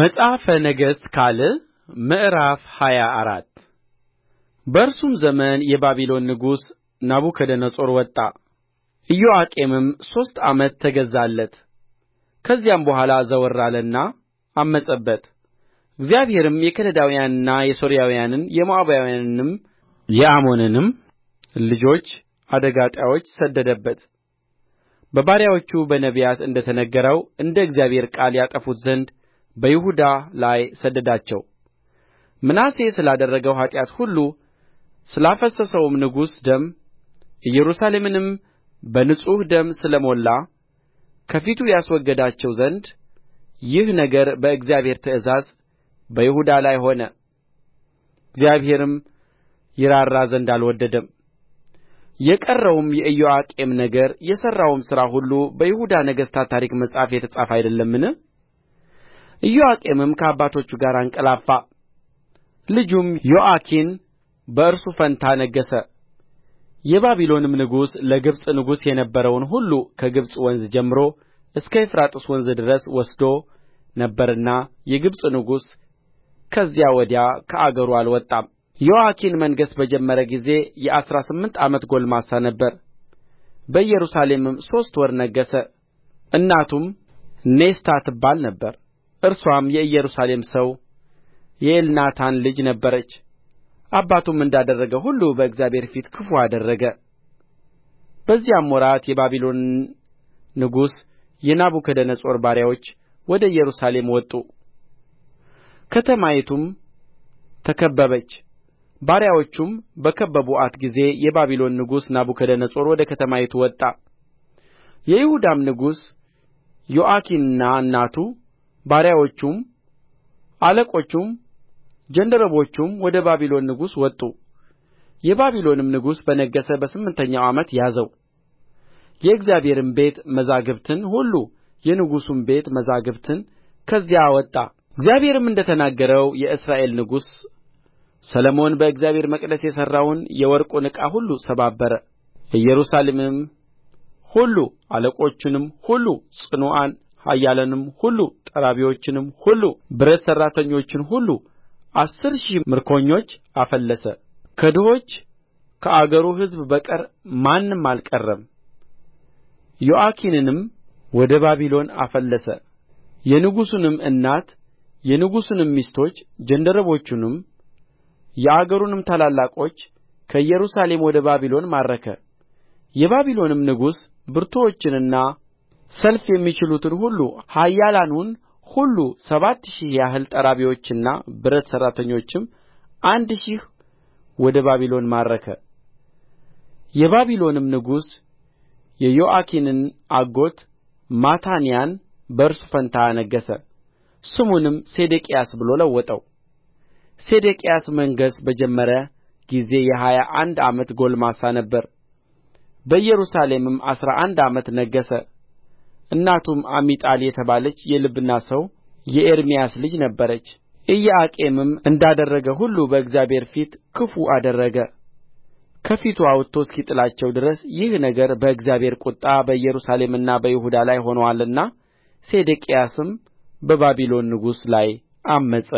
መጽሐፈ ነገሥት ካልዕ ምዕራፍ ሃያ አራት በእርሱም ዘመን የባቢሎን ንጉሥ ናቡከደነፆር ወጣ ኢዮአቄምም ሦስት ዓመት ተገዛለት ከዚያም በኋላ ዘወር አለና ዐመፀበት እግዚአብሔርም የከለዳውያንንና የሶርያውያንን የሞዓባውያንንም የአሞንንም ልጆች አደጋ ጣዮች ሰደደበት በባሪያዎቹ በነቢያት እንደ ተነገረው እንደ እግዚአብሔር ቃል ያጠፉት ዘንድ በይሁዳ ላይ ሰደዳቸው ምናሴ ስላደረገው ኃጢአት ሁሉ ስላፈሰሰውም ንጹሕ ደም ኢየሩሳሌምንም በንጹሕ ደም ስለ ሞላ ከፊቱ ያስወግዳቸው ዘንድ ይህ ነገር በእግዚአብሔር ትእዛዝ በይሁዳ ላይ ሆነ እግዚአብሔርም ይራራ ዘንድ አልወደደም የቀረውም የኢዮአቄም ነገር የሠራውም ሥራ ሁሉ በይሁዳ ነገሥታት ታሪክ መጽሐፍ የተጻፈ አይደለምን ኢዮአቄምም ከአባቶቹ ጋር አንቀላፋ ልጁም ዮአኪን በእርሱ ፋንታ ነገሠ የባቢሎንም ንጉሥ ለግብጽ ንጉሥ የነበረውን ሁሉ ከግብጽ ወንዝ ጀምሮ እስከ ኤፍራጥስ ወንዝ ድረስ ወስዶ ነበርና የግብጽ ንጉሥ ከዚያ ወዲያ ከአገሩ አልወጣም። ዮአኪን መንገሥ በጀመረ ጊዜ የአሥራ ስምንት ዓመት ጕልማሳ ነበር። በኢየሩሳሌምም ሦስት ወር ነገሠ። እናቱም ኔስታ ትባል ነበር። እርስዋም የኢየሩሳሌም ሰው የኤልናታን ልጅ ነበረች አባቱም እንዳደረገ ሁሉ በእግዚአብሔር ፊት ክፉ አደረገ በዚያም ወራት የባቢሎን ንጉሥ የናቡከደነፆር ባሪያዎች ወደ ኢየሩሳሌም ወጡ ከተማይቱም ተከበበች ባሪያዎቹም በከበቡአት ጊዜ የባቢሎን ንጉሥ ናቡከደነፆር ወደ ከተማይቱ ወጣ የይሁዳም ንጉሥ ዮአኪንና እናቱ ባሪያዎቹም አለቆቹም ጃንደረቦቹም ወደ ባቢሎን ንጉሥ ወጡ የባቢሎንም ንጉሥ በነገሠ በስምንተኛው ዓመት ያዘው የእግዚአብሔርም ቤት መዛግብትን ሁሉ የንጉሡም ቤት መዛግብትን ከዚያ አወጣ እግዚአብሔርም እንደ ተናገረው የእስራኤል ንጉሥ ሰሎሞን በእግዚአብሔር መቅደስ የሠራውን የወርቁን ዕቃ ሁሉ ሰባበረ ኢየሩሳሌምም ሁሉ አለቆቹንም ሁሉ ጽኑዓን ኃያላኑንም ሁሉ ጠራቢዎችንም ሁሉ ብረት ሠራተኞችን ሁሉ አሥር ሺህ ምርኮኞች አፈለሰ ከድሆች ከአገሩ ሕዝብ በቀር ማንም አልቀረም ዮአኪንንም ወደ ባቢሎን አፈለሰ የንጉሡንም እናት የንጉሡንም ሚስቶች ጃንደረቦቹንም የአገሩንም ታላላቆች ከኢየሩሳሌም ወደ ባቢሎን ማረከ የባቢሎንም ንጉሥ ብርቱዎችንና ሰልፍ የሚችሉትን ሁሉ ኃያላኑን ሁሉ ሰባት ሺህ ያህል ጠራቢዎችና ብረት ሠራተኞችም አንድ ሺህ ወደ ባቢሎን ማረከ የባቢሎንም ንጉሥ የዮአኪንን አጎት ማታንያን በእርሱ ፋንታ አነገሠ ስሙንም ሴዴቅያስ ብሎ ለወጠው ሴዴቅያስ መንገሥ በጀመረ ጊዜ የሀያ አንድ ዓመት ጕልማሳ ነበረ በኢየሩሳሌምም አሥራ አንድ ዓመት ነገሠ እናቱም አሚጣል የተባለች የልብና ሰው የኤርምያስ ልጅ ነበረች ኢዮአቄምም እንዳደረገ ሁሉ በእግዚአብሔር ፊት ክፉ አደረገ ከፊቱ አውጥቶ እስኪጥላቸው ድረስ ይህ ነገር በእግዚአብሔር ቍጣ በኢየሩሳሌምና በይሁዳ ላይ ሆኖአልና ሴዴቅያስም በባቢሎን ንጉሥ ላይ ዐመፀ